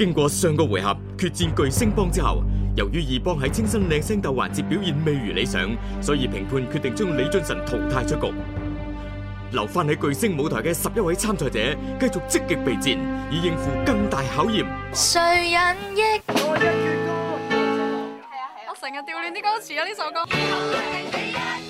經過上個回合決戰巨聲幫之後，由於二幫喺清新靚聲鬥環節表現未如理想，所以評判決定將李俊晨淘汰出局。留翻喺巨聲舞台嘅十一位參賽者，繼續積極備戰，以應付更大考驗。誰人憶？我一闕歌。係啊係啊。我成日掉亂啲歌詞啊呢首歌。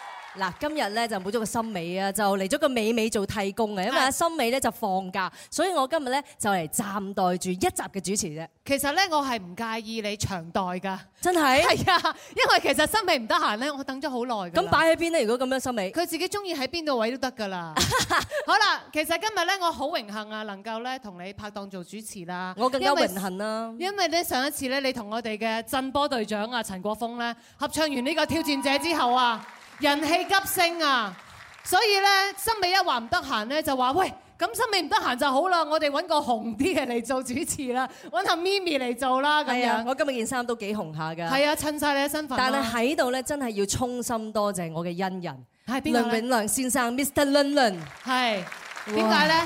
嗱，今日咧就冇咗個森美啊，就嚟咗個美美做替工嘅。因為阿森美咧就放假，所以我今日咧就嚟暫代住一集嘅主持啫。其實咧，我係唔介意你長待噶，真係的。係啊，因為其實森美唔得閒咧，我等咗好耐。咁擺喺邊咧？如果咁樣，森美佢自己中意喺邊度位都得㗎啦。 好啦，其實今日咧，我好榮幸啊，能夠咧同你拍檔做主持啦。我更加為榮幸啦，因為咧上一次咧，你同我哋嘅震波隊長啊陳國峰咧合唱完呢個挑戰者之後啊。人氣急升啊！所以咧，森美一話唔得閒咧，就話喂，咁森美唔得閒就好啦，我哋揾個紅啲嘅嚟做主持啦，揾下咪咪嚟做啦咁樣。我今日件衫都幾紅下㗎。係啊，襯晒你一身份。但係喺度咧，真係要衷心多謝我嘅恩人，係邊個？倫永亮先生，Mr. Lun Lun。係。點解咧？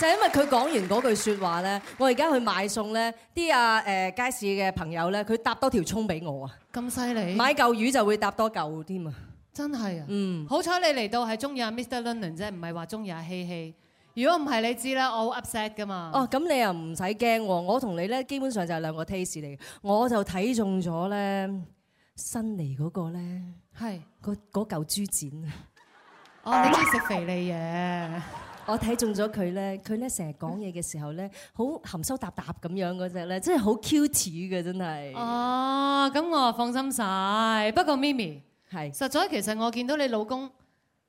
就係因為佢講完嗰句説話咧，我而家去買餸咧，啲啊誒街市嘅朋友咧，佢搭多條葱俾我啊！咁犀利！買嚿魚就會搭多嚿添啊！真係啊！嗯好，好彩你嚟到係中意阿 Mr. London 啫，唔係話中意阿希希。如果唔係，你知啦，我好 upset 噶嘛。哦，咁你又唔使驚喎。我同你咧，基本上就係兩個 taste 嚟嘅。我就睇中咗咧，新嚟嗰個咧，係個嗰嚿豬展。哦，你中意食肥膩嘢。 我睇中咗佢咧，佢咧成日講嘢嘅時候咧，好含羞答答咁樣嗰隻咧，即係好 cute 嘅，真係。真係，哦，咁我放心晒。不過 MiMi。係，是實在其實我見到你老公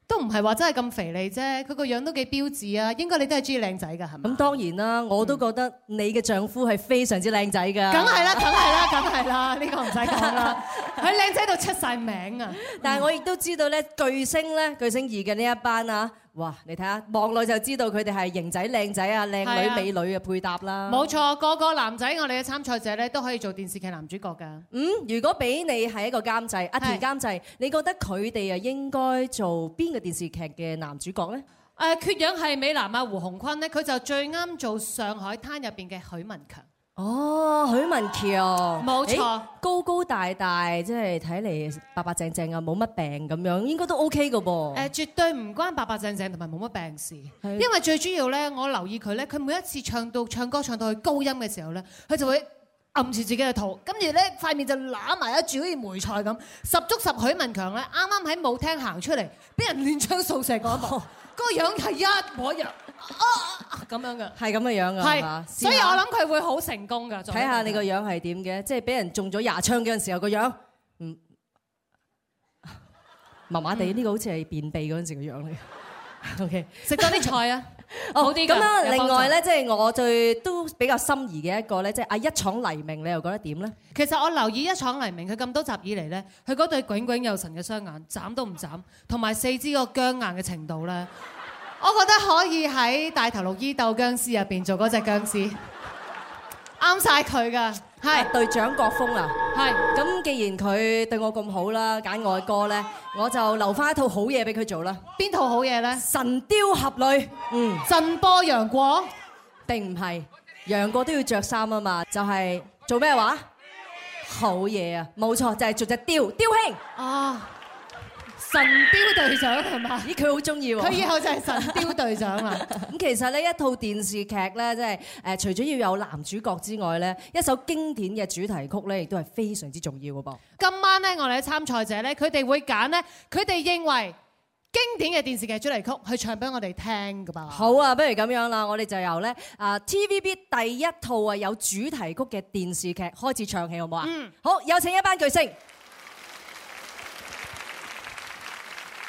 都唔係話真係咁肥膩啫，佢個樣都幾標致啊，應該你都係中意靚仔㗎，係嘛？咁當然啦，我都覺得你嘅丈夫係非常之靚仔㗎。梗係啦，梗係啦，梗係啦，呢個唔使講啦，喺靚仔度出晒名啊！ 但係我亦都知道咧，巨聲咧，巨聲二嘅呢一班啊。哇！你睇下，望落就知道佢哋係型仔、靚仔啊、靚女、美女嘅配搭啦。冇錯，個個男仔我哋嘅參賽者咧都可以做電視劇男主角㗎。嗯，如果俾你係一個監製，阿田監製，是的 你覺得佢哋啊應該做邊個電視劇嘅男主角呢？誒、呃，缺氧係美男啊，胡鴻鈞呢，佢就最啱做上海灘入邊嘅許文強。哦，許文強。哦，冇錯，欸，高高大大，即係睇嚟白白淨淨啊，冇乜病咁樣，應該都 OK 嘅噃。誒、呃，絕對唔關白白淨淨同埋冇乜病事，是因為最主要咧，我留意佢咧，佢每一次唱到唱歌唱到去高音嘅時候咧，佢就會揞住自己嘅肚，跟住咧塊面就攬埋一住好似梅菜咁，十足十許文強咧，啱啱喺舞廳行出嚟，俾人亂槍掃射嗰一幕。 個樣係一模一樣哦，咁樣嘅，係咁嘅樣㗎，係嘛？所以我諗佢會好成功㗎。睇下你個樣係點嘅，即係俾人中咗廿槍嗰陣時候個樣，嗯，麻麻地呢個好似係便秘嗰陣時個樣嚟。OK，食多啲菜啊！好啲咁啦，另外咧，即係我最都比較心儀嘅一個咧，即係啊一闖黎明，你又覺得點咧？其實我留意一闖黎明，佢咁多集以嚟咧，佢嗰對炯炯有神嘅雙眼，眨都唔眨，同埋四肢個僵硬嘅程度咧，我覺得可以喺《大頭綠衣鬥殭屍》入邊做嗰隻僵屍。啱曬佢噶，係對張國風啊。係咁既然佢對我咁好啦，揀我嘅歌咧，我就留翻一套好嘢俾佢做啦。邊套好嘢咧？神鵰俠侶，嗯，振波楊過定唔係？楊過都要著衫啊嘛，就係做咩話？好嘢啊，冇錯就係做隻雕雕兄啊！神雕隊長係嘛？咦，佢好中意喎！佢以後就係神雕隊長啦。咁 其實呢一套電視劇咧，即係誒，除咗要有男主角之外咧，一首經典嘅主題曲咧，亦都係非常之重要嘅噃。今晚咧，我哋嘅參賽者咧，佢哋會揀呢，佢哋認為經典嘅電視劇主題曲去唱俾我哋聽嘅噃。好啊，不如咁樣啦，我哋就由咧啊 TVB 第一套啊有主題曲嘅電視劇開始唱起，好唔好啊？嗯，好，有請一班巨聲。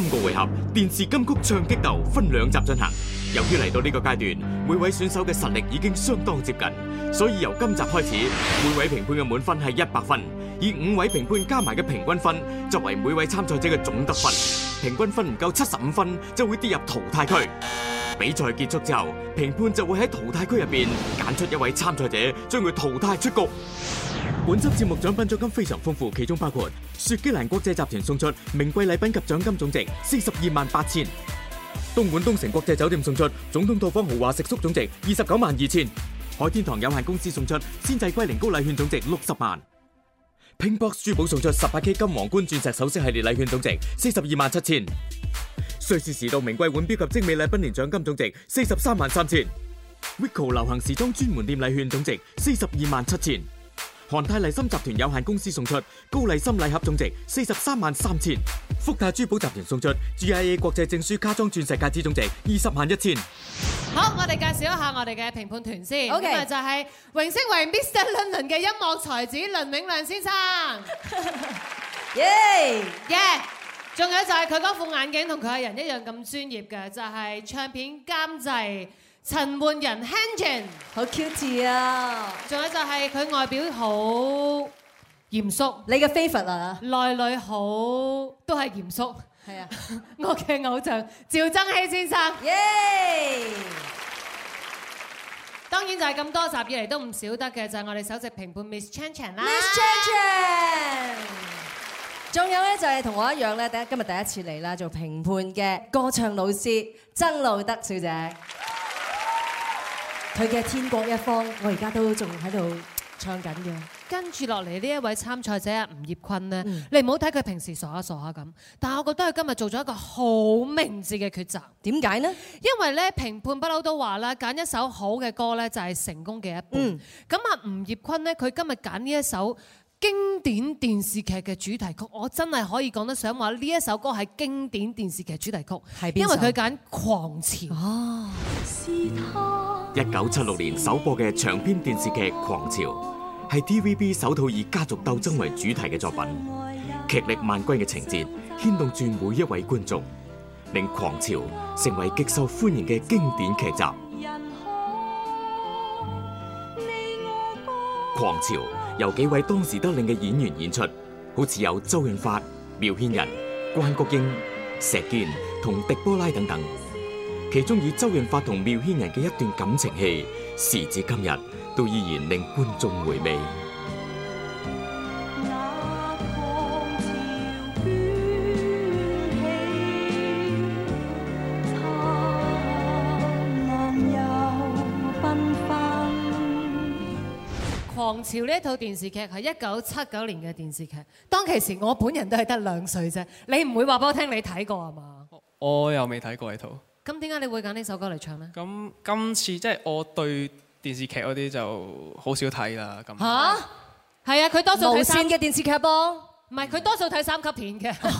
三個回合電視金曲唱激鬥分兩集進行，由於嚟到呢個階段，每位選手嘅實力已經相當接近，所以由今集開始，每位評判嘅滿分係一百分，以五位評判加埋嘅平均分作為每位參賽者嘅總得分，平均分唔夠七十五分就會跌入淘汰區。比賽結束之後，評判就會喺淘汰區入邊揀出一位參賽者，將佢淘汰出局。本集節目獎品獎金非常豐富，其中包括。雪肌蘭國際集團送出名貴禮品及獎金總值四十二萬八千；東莞東城國際酒店送出總統套房豪華食宿總值二十九萬二千；海天堂有限公司送出鮮製龜苓膏禮券總值六十萬；拼搏珠寶送出十八 K 金皇冠鑽石首飾系列禮券總值四十二萬七千；瑞士時度名貴腕錶及精美禮品年獎金總值四十三萬三千；Vico 流行時裝專門店禮券總值四十二萬七千。韓泰麗心集團有限公司送出高麗心禮盒總值四十三萬三千。福泰珠寶集團送出 GIA 國際證書加裝鑽石戒指總值二十萬一千。好，我哋介紹一下我哋嘅評判團先。咁就係榮升為 Mr. London 嘅音樂才子倫永亮先生。耶耶，仲有就係佢嗰副眼鏡同佢嘅人一樣咁專業嘅，就係唱片監製。陳奐仁 Hanjin 好 cute 啊，仲有就係佢外表好嚴肅，你嘅飛佛啊，內裏好都係嚴肅。係啊，我嘅偶像趙增熹先生，耶！當然就係咁多集以嚟都唔少得嘅，就係我哋首席評判 Miss Chan Chan 啦。Miss Chan Chan，仲有咧就係同我一樣咧，第一今日第一次嚟啦，做評判嘅歌唱老師曾路德小姐。佢嘅《天國一方》我，我而家都仲喺度唱緊嘅。跟住落嚟呢一位參賽者阿吳業坤呢，你唔好睇佢平時傻下傻下咁，但係我覺得佢今日做咗一個好明智嘅抉擇。點解呢？因為咧評判不嬲都話啦，揀一首好嘅歌咧就係成功嘅一半。咁阿吳業坤呢，佢今日揀呢一首。經典電視劇嘅主題曲，我真係可以講得上話。呢一首歌係經典電視劇主題曲，因為佢揀《狂潮》。一九七六年首播嘅長篇電視劇《狂潮》，係 TVB 首套以家族鬥爭為主題嘅作品，劇力萬鈞嘅情節牽動住每一位觀眾，令《狂潮》成為極受歡迎嘅經典劇集。《狂潮》由幾位當時得令嘅演員演出，好似有周潤發、繆騫人、關菊英、石堅同狄波拉等等。其中以周潤發同繆騫人嘅一段感情戲，時至今日都依然令觀眾回味。《狂潮》呢一套電視劇係一九七九年嘅電視劇，當其時我本人都係得兩歲啫，你唔會話俾我聽你睇過啊嘛？我又未睇過呢套。咁點解你會揀呢首歌嚟唱呢？咁今次即係我對電視劇嗰啲就好少睇啦。咁嚇係啊！佢多數睇無線嘅電視劇噃，唔係佢多數睇三級片嘅。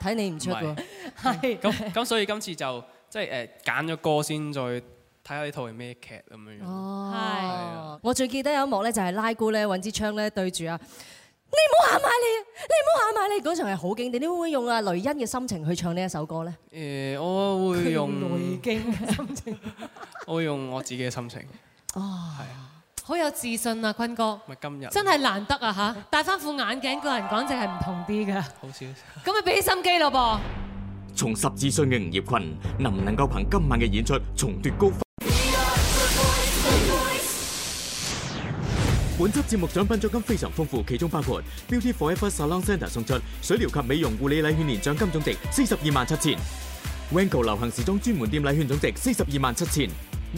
睇你唔出喎。係咁咁，所以今次就即係誒揀咗歌先再。睇下呢套係咩劇咁樣樣。哦，係。我最記得有一幕咧，就係拉姑咧揾支槍咧對住啊，你唔好行埋嚟，你唔好行埋嚟嗰場係好經典。你會唔會用啊雷茵嘅心情去唱呢一首歌咧？誒，我會用雷茵嘅心情，我會用我自己嘅心情。哦，係。好有自信啊，坤哥。咪今日。真係難得啊嚇！戴翻副眼鏡，個人講淨係唔同啲㗎。好少。咁咪俾心機咯噃。從十字歲嘅吳業坤，能唔能夠憑今晚嘅演出重奪高分？本輯節目獎品獎金非常豐富，其中包括 Beauty Forever Salon Center 送出水療及美容護理禮券，總值四十二萬七千；Wanko 流行時裝專門店禮券總值四十二萬七千；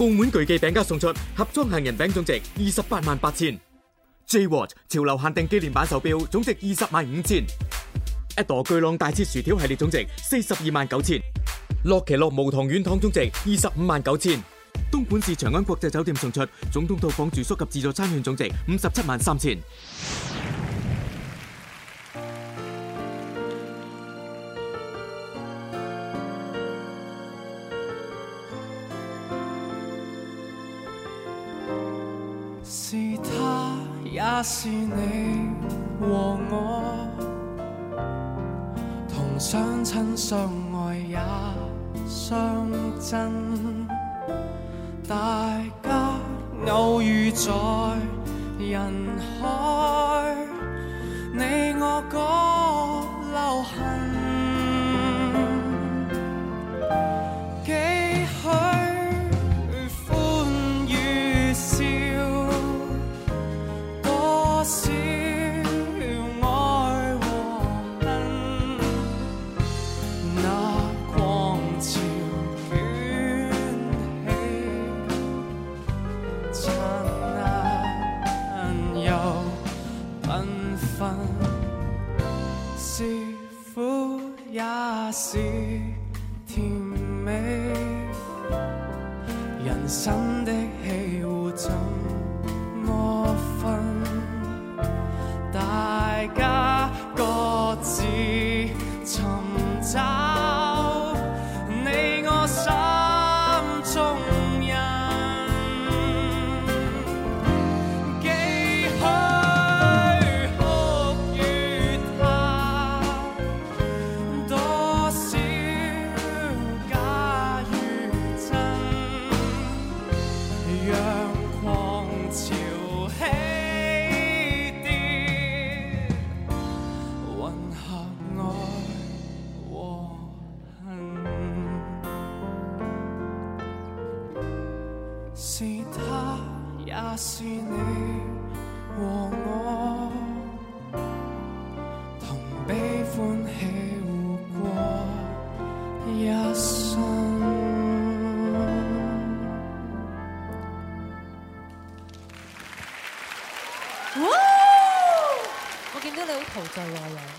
澳門巨記餅家送出盒裝杏仁餅總值二十八萬八千；J Watch 潮流限定紀念版手表總值二十萬五千；Edo 巨浪大切薯條系列總值四十二萬九千；樂奇樂無糖軟糖總值二十五萬九千。東莞市長安國際酒店送出總統套房住宿及自助餐券總值五十七萬三千。是他，也是你和我，同相親相愛也相真。大家偶遇在人海，你我各留痕。是甜美人生的。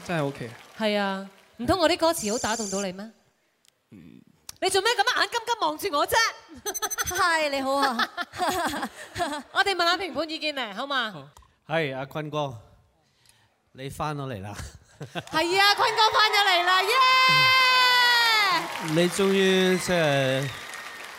真係 OK，係啊，唔通我啲歌詞好打動到你咩？嗯、你做咩咁樣眼金金望住我啫？係 你好啊， 我哋問下評判意見嚟，好嘛？係好阿坤哥，你翻咗嚟啦？係 啊，坤哥翻咗嚟啦，耶、yeah!！ 你終於即、就、係、是。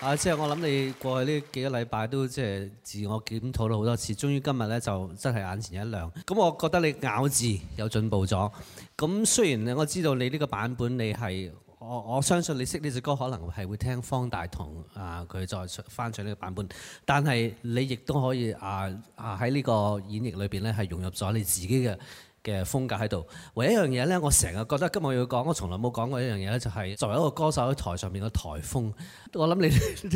啊！即係我諗你過去呢幾個禮拜都即係自我檢討咗好多次，終於今日咧就真係眼前一亮。咁我覺得你咬字有進步咗。咁雖然我知道你呢個版本你係我我相信你識呢隻歌，可能係會聽方大同啊佢再翻唱呢個版本，但係你亦都可以啊啊喺呢個演繹裏邊咧係融入咗你自己嘅。嘅風格喺度，唯一一樣嘢呢，我成日覺得今日要講，我從來冇講過一樣嘢呢就係作為一個歌手喺台上面嘅台風，我諗你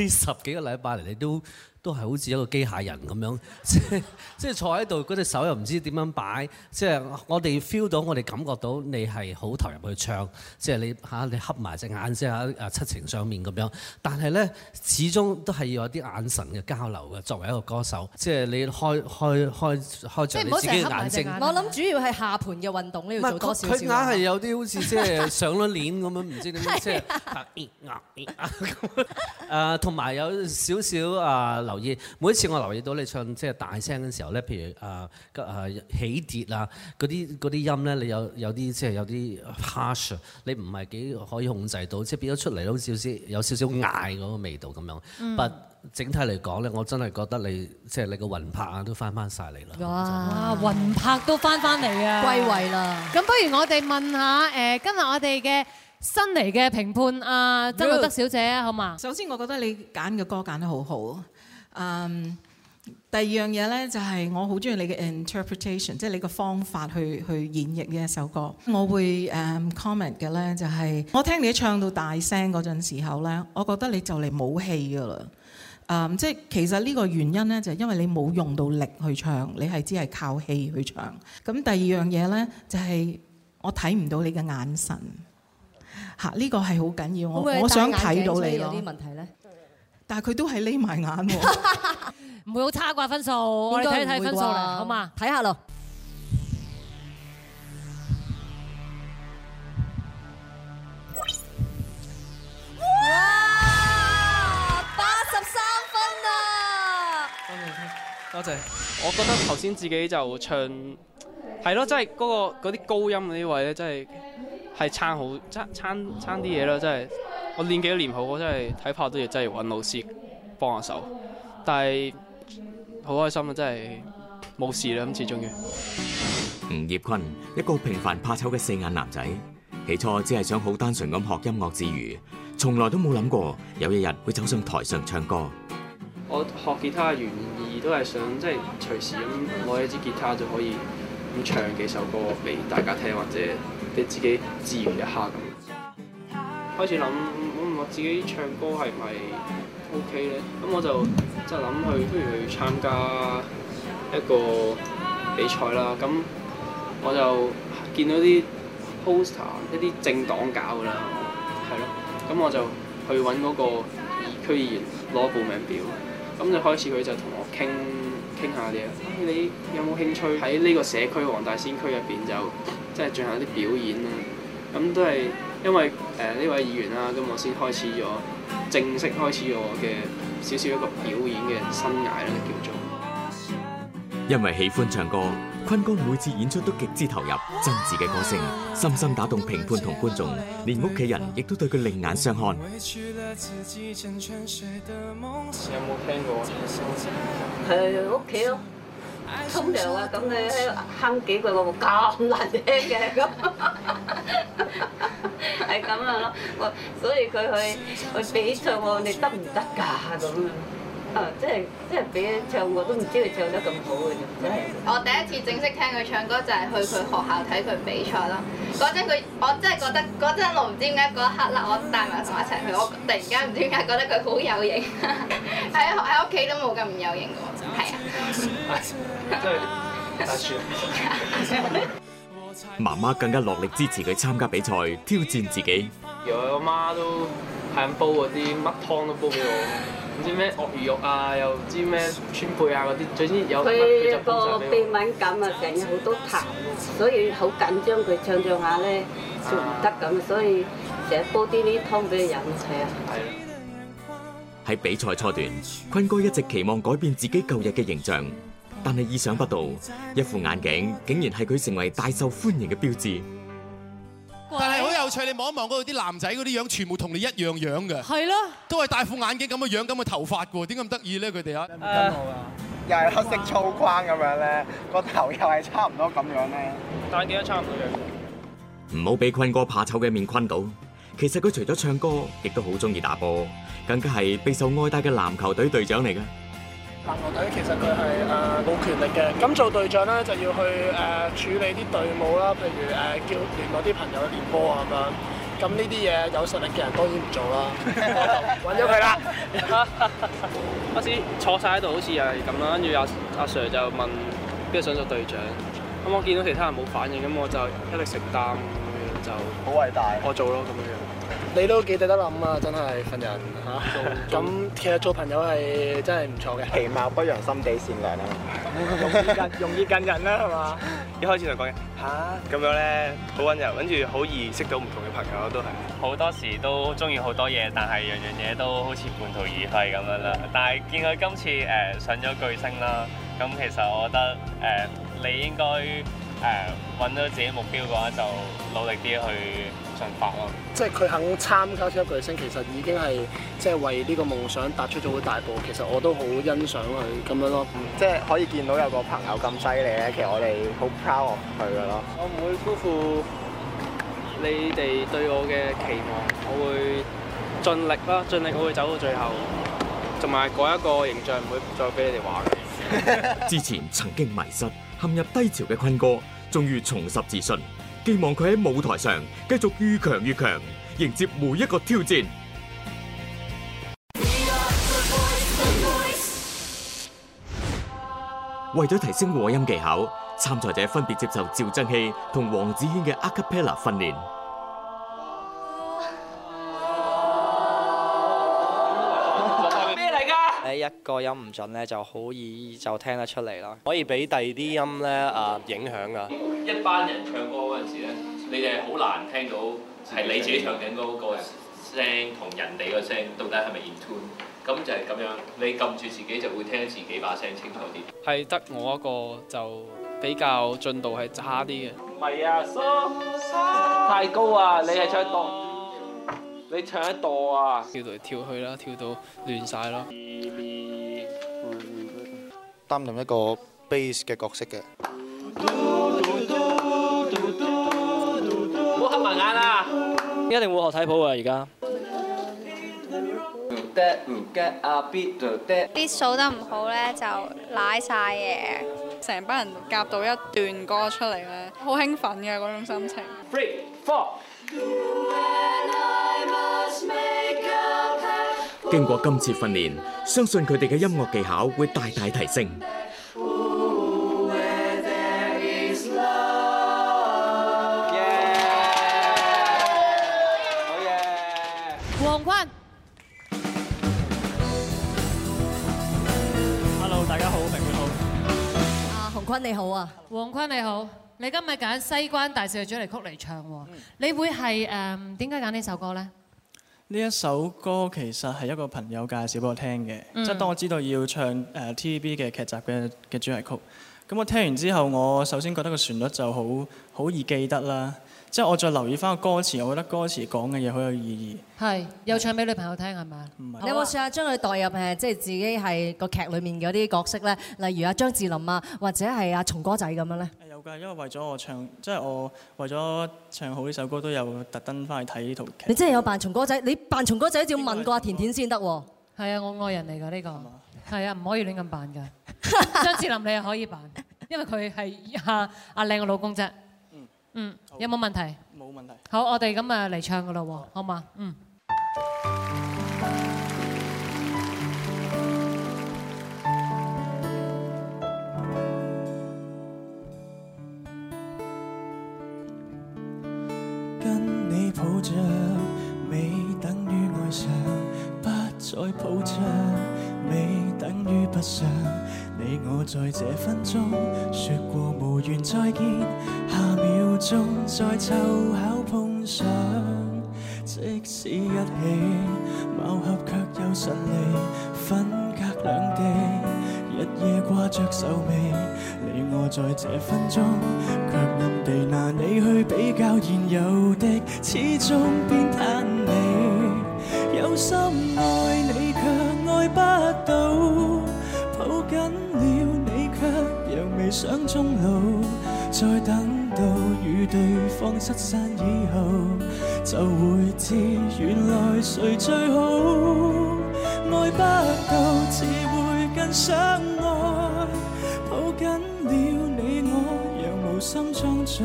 呢十幾個禮拜嚟，你都，都係好似一個機械人咁樣，即係即係坐喺度，嗰隻手又唔知點樣擺。即係我哋 feel 到，我哋感覺到你係好投入去唱。即係你嚇、啊，你合埋隻眼，先，係七情上面咁樣。但係咧，始終都係要有啲眼神嘅交流嘅，作為一個歌手。即係你開開開開著你自己嘅眼睛。眼睛我諗主要係下盤嘅運動咧要做多少少。唔係佢硬係有啲好似即係上咗鏈咁樣，唔 知點即係同埋有少少啊。留意每一次我留意到你唱即係大聲嘅時候咧，譬如啊啊起跌啊嗰啲啲音咧，你有有啲即係有啲 harsh，你唔係幾可以控制到，即係變咗出嚟好似有少少嗌嗰個味道咁樣。嗯、但整體嚟講咧，我真係覺得你即係、就是、你個魂魄啊都翻翻晒嚟啦。哇！魂魄都翻翻嚟啊，啊歸位啦。咁不如我哋問下誒、呃、今日我哋嘅新嚟嘅評判啊、呃，曾路德小姐啊，好嘛？首先我覺得你揀嘅歌揀得好好。嗯，um，第二樣嘢咧就係、是、我好中意你嘅 interpretation，即係你個方法去去演繹嘅一首歌。我會誒、um，comment 嘅咧就係、是，我聽你唱到大聲嗰陣時候咧，我覺得你就嚟冇氣㗎喇。嗯、um，即係其實呢個原因咧就是、因為你冇用到力去唱，你係只係靠氣去唱。咁第二樣嘢咧就係、是、我睇唔到你嘅眼神吓，呢、啊這個係好緊要。我我，我想睇到你咯。但係佢都係匿埋眼喎 唔會好差啩分數？我哋睇睇分數啦，好嘛？睇下咯。哇！八十三分啊！多謝，多謝。我覺得頭先自己就唱。係咯，真係嗰、嗰個嗰啲高音嗰啲位咧，真係係撐好撐撐撐啲嘢咯，真係我練幾多年好，我真係睇怕都要真係揾老師幫下手，但係好開心啊！真係冇事啦，咁始終要。吳業坤，一個平凡怕醜嘅四眼男仔，起初只係想好單純咁學音樂之餘，從來都冇諗過有一日會走上台上唱歌。我學吉他嘅原意都係想即係、就是、隨時咁攞一支吉他就可以。唱幾首歌俾大家聽，或者俾自己自娛一下咁。 開始諗，我自己唱歌係咪 OK 咧？咁我就即係諗去，不如去參加一個比賽啦。咁我就見到啲 poster，一啲政黨搞噶啦，係咯。咁我就去揾嗰個二區議員攞報名表。咁就開始佢就同我傾。傾下啲啊！你有冇興趣喺呢個社區黃大仙區入邊就即係進行一啲表演啦？咁都係因為誒呢位議員啦，咁我先開始咗正式開始咗我嘅少少一個表演嘅生涯啦，叫做因為喜歡唱歌。坤哥每次演出都極之投入，真摯嘅歌聲深深打動評判同觀眾，連屋企人亦都對佢另眼相看。有冇聽過啊？喺屋企咯，沖涼啊！咁你喺度哼幾句話咁難聽嘅，咁係咁樣咯，所以佢去去比賽喎，你得唔得噶？咁樣？即係即係俾佢唱歌，我都唔知佢唱得咁好嘅，真係。我第一次正式聽佢唱歌就係去佢學校睇佢比賽啦。嗰陣佢，我真係覺得嗰陣我唔知點解嗰一刻啦，我帶埋同我一齊去，我突然間唔知點解覺得佢好有型，喺喺屋企都冇咁唔有型嘅就係啊。媽媽更加落力支持佢參加比賽，挑戰自己。由我阿媽都係煲嗰啲乜湯都煲俾我。 唔知咩鱷魚肉啊，又唔知咩川貝啊嗰啲，總之有。佢個鼻敏感啊，梗有好多痰，所以好緊張。佢唱唱下咧，就唔得咁，所以成日煲啲啲湯俾佢飲，係啊。喺比賽初段，坤哥一直期望改變自己舊日嘅形象，但係意想不到，一副眼鏡竟然係佢成為大受歡迎嘅標誌。你望一望嗰度啲男仔嗰啲樣，全部同你一樣樣嘅。係咯的，都係戴副眼鏡咁嘅樣，咁嘅頭髮嘅喎，點解咁得意咧？佢哋啊，又係黑色粗框咁樣咧，個 頭又係差唔多咁樣咧，眼鏡都差唔多樣。唔好俾坤哥怕醜嘅面坤到，其實佢除咗唱歌，亦都好中意打波，更加係備受愛戴嘅籃球隊隊長嚟嘅。其實佢係誒冇權力嘅，咁做隊長咧就要去誒、呃、處理啲隊務啦，譬如誒、呃、叫連嗰啲朋友去練波啊咁。咁呢啲嘢有實力嘅人當然唔做啦，揾咗佢啦。阿師坐晒喺度，好似又係咁啦，跟住阿阿 Sir 就問邊個想做隊長，咁我見到其他人冇反應，咁我就一力承擔咁樣就，好偉大，我做咯咁樣樣。你都幾值得諗啊！真係份人嚇，咁 其實做朋友係真係唔錯嘅。其貌不揚心，心地善良啊，容易 近容易近人啦，係嘛？ 一開始就講嘢，吓、啊，咁樣咧好溫柔，跟住好易識到唔同嘅朋友都係。好多時都中意好多嘢，但係樣樣嘢都好似半途而廢咁樣啦。但係見佢今次誒上咗巨聲啦，咁其實我覺得誒、呃、你應該誒揾到自己目標嘅話，就努力啲去。即係佢肯參加超級巨星，其實已經係即係為呢個夢想踏出咗好大步。其實我都好欣賞佢咁樣咯，嗯、即係可以見到有個朋友咁犀利咧。其實我哋好 proud 佢嘅咯。嗯、我唔會辜負你哋對我嘅期望，我會盡力啊，盡力我會走到最後，同埋改一個形象不不，唔會再俾你哋話嘅。之前曾經迷失、陷入低潮嘅坤哥，終於重拾自信。.希望佢喺舞台上繼續愈強越強，迎接每一個挑戰。The voice, the voice. 為咗提升和音技巧，參賽者分別接受趙增熙同黃子軒嘅 acapella 訓練。一個音唔準咧，就好易就聽得出嚟啦。可以俾第二啲音咧啊影響噶。一班人唱歌嗰陣時咧，你哋好難聽到係你自己唱緊嗰個聲同人哋個聲到底係咪 in tune 咁就係咁樣，你撳住自己就會聽自己把聲清楚啲。係得我一個就比較進度係差啲嘅。唔係啊，太高說啊！你係唱墮，你唱喺墮啊！跳嚟跳去啦，跳到亂晒咯。擔任一個 bass 嘅角色嘅，唔好黑埋眼啦！一定會學睇譜啊，而家啲數得唔好咧，就賴曬嘢，成班人夾到一段歌出嚟咧，好興奮嘅嗰種心情。經過今次訓練，相信佢哋嘅音樂技巧會大大提升。鴻鈞，Hello，大家好，明妹好。阿鴻鈞你好啊，鴻鈞你好，你今日揀《西關大少》主題曲嚟唱喎，你會係誒點解揀呢首歌咧？呢一首歌其實係一個朋友介紹俾我聽嘅，即係、嗯、當我知道要唱誒 TVB 嘅劇集嘅嘅主題曲，咁我聽完之後，我首先覺得個旋律就好好易記得啦。即係我再留意翻個歌詞，我覺得歌詞講嘅嘢好有意義。係，又唱俾女朋友聽係咪？唔係。你有冇試下將佢代入誒，即係自己係個劇裏面嗰啲角色咧？例如阿張智霖啊，或者係阿松哥仔咁樣咧？有㗎，因為為咗我唱，即係我為咗唱好呢首歌，都有特登翻去睇呢套劇。你真係有扮松哥仔？你扮松哥仔就要問過阿甜甜先得喎。係啊，我愛人嚟㗎呢個，係啊，唔可以亂咁扮㗎。張智霖你係可以扮，因為佢係阿阿靚嘅老公啫。嗯好，有冇問題？冇問題。好，我哋咁啊嚟唱噶咯喎，好嘛？嗯。跟你抱着未等於愛上；不再抱着未等於不想。你我在這分鐘説過無緣再見，下秒鐘再湊巧碰上，即使一起貌合卻又神離，分隔兩地，日夜掛着手尾，你我在這分鐘卻暗地拿你去比較現有的，始終偏嘆你。想終老，再等到與對方失散以後，就會知原來誰最好。愛不夠，只會更想愛。抱緊了你我，又無心裝載，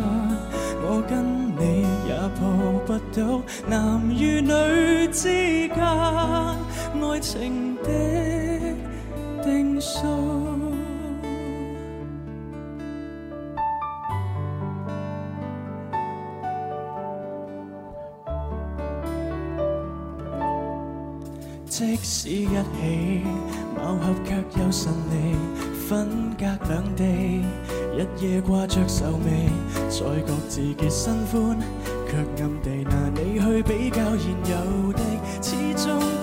我跟你也抱不到。男與女之間，愛情的定數。只一起貌合卻又順利，分隔兩地，日夜掛着手尾，再各自結新歡，卻暗地拿你去比較現有的，始終。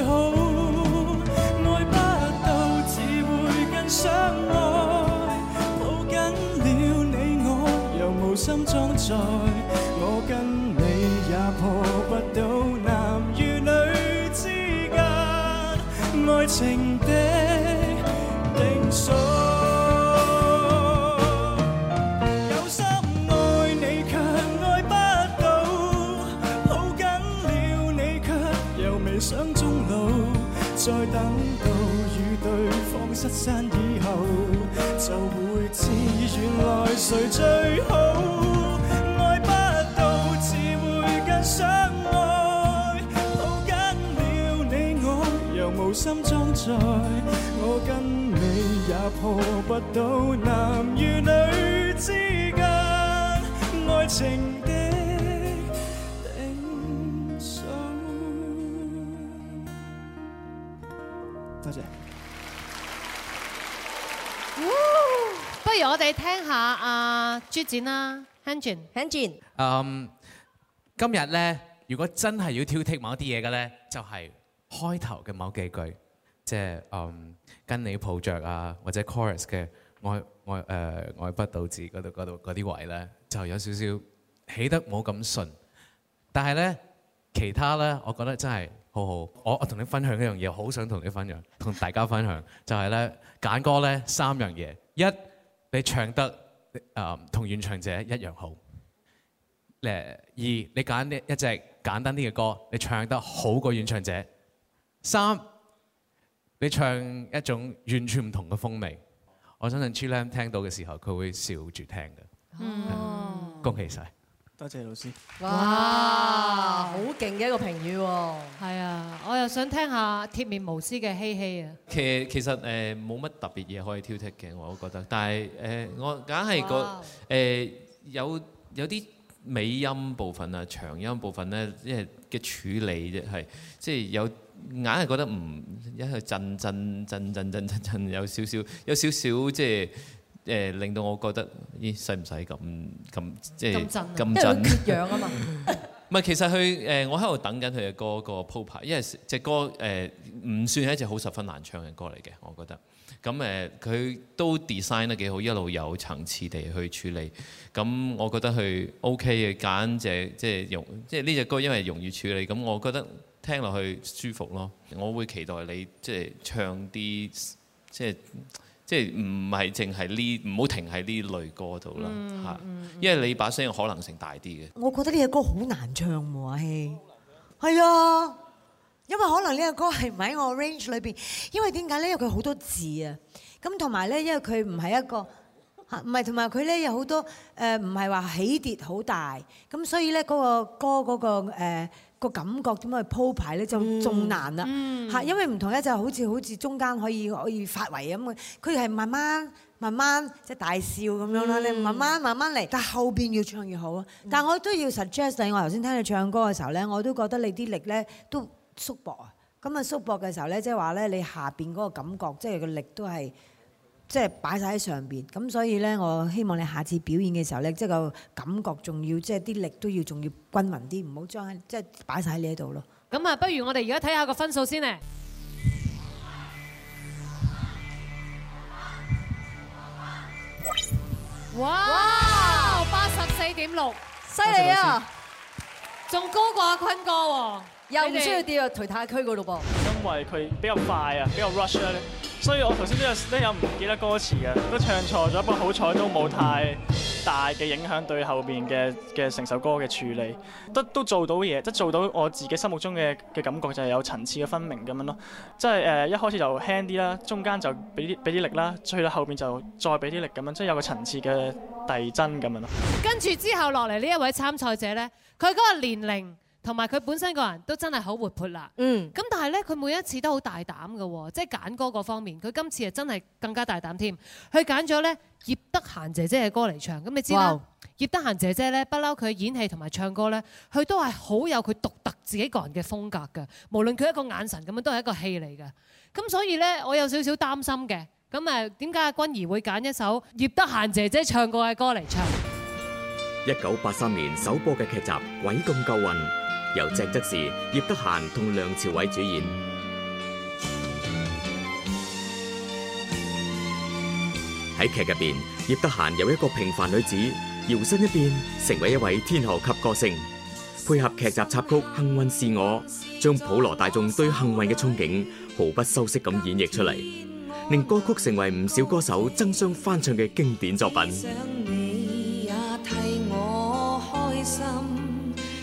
散以後就會知原來誰最好，愛不到自會更相愛，抱、哦、緊了你我又無心裝載，我跟你也破不到男與女之間愛情。聽下阿朱展啦，Henry，Henry。嗯 今日咧，如果真係要挑剔某啲嘢嘅咧，就係開頭嘅某幾句，即係嗯，跟你抱着啊，或者 chorus 嘅愛愛誒愛不倒字嗰度嗰度嗰啲位咧，就有少少起得冇咁順。但係咧，其他咧，我覺得真係好好。我我同你分享一樣嘢，好想同你分享，同大家分享，就係咧揀歌咧三樣嘢一，你唱得誒同原唱者一樣好。誒二，你揀一隻簡單啲嘅歌，你唱得好過原唱者。三，你唱一種完全唔同嘅風味。我相信 Chilam 聽到嘅時候，佢會笑住聽嘅。嗯、啊，恭喜晒！多謝老師。哇，好勁嘅一個評語喎。係啊，我又想聽下鐵面無私嘅希希啊。其其實誒冇乜特別嘢可以挑剔嘅，我都覺得。但係誒，我硬係覺誒有有啲尾音部分啊、長音部分咧，即係嘅處理啫，係即係有硬係覺得唔一個震震震震震震震，有少少有少少即係。誒、呃、令到我覺得，咦、欸，使唔使咁咁？即係咁震，因為佢缺氧啊嘛。唔係，其實佢誒、呃，我喺度等緊佢嘅歌個鋪排，因為隻歌誒唔、呃、算係一隻好十分難唱嘅歌嚟嘅，我覺得。咁誒，佢都 design 得幾好，一路有層次地去處理。咁我覺得佢 OK 嘅，揀就係即係容，即係呢隻歌因為容易處理，咁我覺得聽落去舒服咯。我會期待你即係、就是、唱啲即係。就是即係唔係淨係呢？唔好停喺呢類歌度啦，嚇、嗯！嗯、因為你把聲可能性大啲嘅。我覺得呢首歌好難唱喎，係、啊、係 啊，因為可能呢首歌係唔喺我 range 裏邊，因為點解咧？因為佢好多字啊，咁同埋咧，因為佢唔係一個嚇，唔係同埋佢咧有好多誒，唔係話起跌好大，咁所以咧、嗰、嗰個歌嗰、嗰個、呃個感覺點樣去鋪排咧就仲難啦嚇，嗯嗯、因為唔同一隻、就是、好似好似中間可以可以發圍咁嘅，佢係慢慢慢慢即係、就是、大笑咁樣啦，嗯、你慢慢慢慢嚟，但係後邊越唱越好啊！嗯、但係我都要 suggest 你，我頭先聽你唱歌嘅時候咧，我都覺得你啲力咧都縮薄啊！咁啊縮薄嘅時候咧，即係話咧你下邊嗰個感覺，即係個力都係。即係擺曬喺上邊，咁所以咧，我希望你下次表演嘅時候咧，即係個感覺仲要，即係啲力都要仲要均勻啲，唔好將即係擺曬喺呢度咯。咁啊，不如我哋而家睇下個分數先咧。哇！八十四點六，犀利啊！仲高過阿坤哥喎。又唔需要跌入頹太區嘅咯噃，因為佢比較快啊，比較 rush 咧，所以我頭先都有都有唔記得歌詞啊，都唱錯咗，不過好彩都冇太大嘅影響對後邊嘅嘅成首歌嘅處理，都都做到嘢，即係做到我自己心目中嘅嘅感覺就係有層次嘅分明咁樣咯，即係誒一開始就輕啲啦，中間就俾啲俾啲力啦，去到後邊就再俾啲力咁樣，即係有個層次嘅遞增咁樣咯。跟住之後落嚟呢一位參賽者咧，佢嗰個年齡。同埋佢本身個人都真係好活潑啦，咁、嗯、但係咧佢每一次都好大膽嘅喎，即係揀歌嗰方面，佢今次係真係更加大膽添，佢揀咗咧葉德嫻姐姐嘅歌嚟唱，咁你知啦，哇葉德嫻姐姐咧不嬲佢演戲同埋唱歌咧，佢都係好有佢獨特自己個人嘅風格嘅，無論佢一個眼神咁樣都係一個戲嚟嘅，咁所以咧我有少少擔心嘅，咁誒點解阿筠怡會揀一首葉德嫻姐姐唱過嘅歌嚟唱？一九八三年首播嘅劇集《鬼咁夠運》。由鄭則仕、葉德嫻同梁朝偉主演。喺劇入邊，葉德嫻由一個平凡女子搖身一變，成為一位天后級歌星。配合劇集插曲《幸運是我》，將普羅大眾對幸運嘅憧憬毫不修飾咁演繹出嚟，令歌曲成為唔少歌手爭相翻唱嘅經典作品。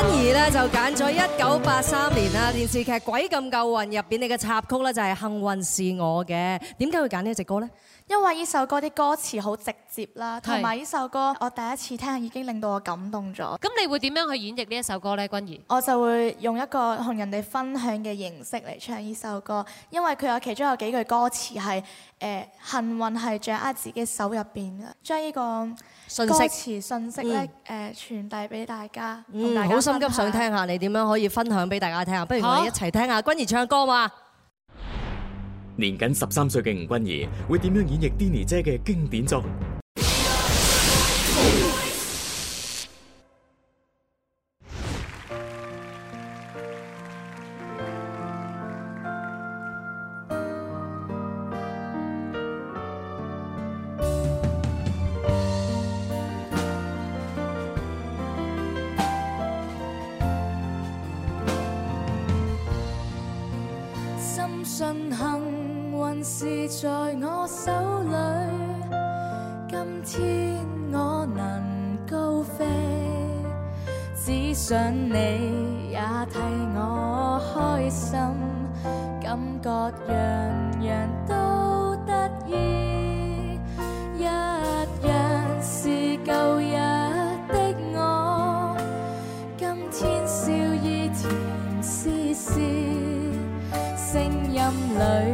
君怡咧就揀咗一九八三年啦電視劇《鬼咁夠運》入邊你嘅插曲咧就係、是《幸運是我》嘅，點解會揀呢一隻歌呢？因為呢首歌啲歌詞好直接啦，同埋呢首歌我第一次聽已經令到我感動咗。咁你會點樣去演繹呢一首歌呢？君怡？我就會用一個同人哋分享嘅形式嚟唱呢首歌，因為佢有其中有幾句歌詞係誒幸運係掌握自己手入邊嘅，將、就、呢、是這個。信息詞信息咧，誒、呃、傳遞俾大家，好、嗯、心急想聽下你點樣可以分享俾大家聽下。不如我哋一齊聽一下筠怡唱歌嘛。啊、年僅十三歲嘅吳筠怡會點樣演繹 Denny 姐嘅經典作？想你也替我開心，感覺樣樣都得意。一樣是舊日的我，今天笑意甜絲絲，聲音裏。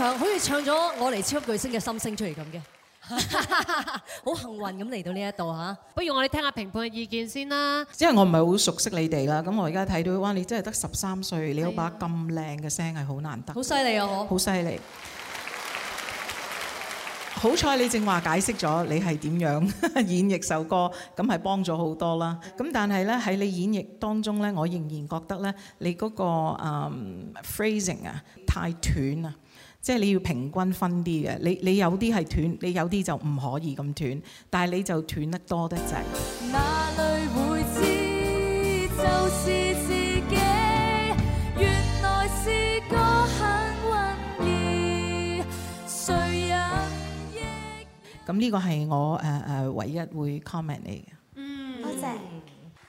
好似唱咗我嚟超級巨星嘅心聲出嚟，咁嘅，好幸運咁嚟到呢一度吓，不如我哋聽下評判嘅意見先啦。因為我唔係好熟悉你哋啦，咁我而家睇到，哇，你真係得十三歲，你有把咁靚嘅聲係好難得，好犀利啊！嗬，好犀利。好彩你正話解釋咗你係點樣演繹首歌，咁係幫咗好多啦。咁但係咧喺你演繹當中咧，我仍然覺得咧你嗰個誒 phrasing 啊太斷啦。即係你要平均分啲嘅，你你有啲係斷，你有啲就唔可以咁斷，但係你就斷得多得滯。咁呢、就是、個係我誒誒、呃、唯一會 comment 你嘅。嗯，多謝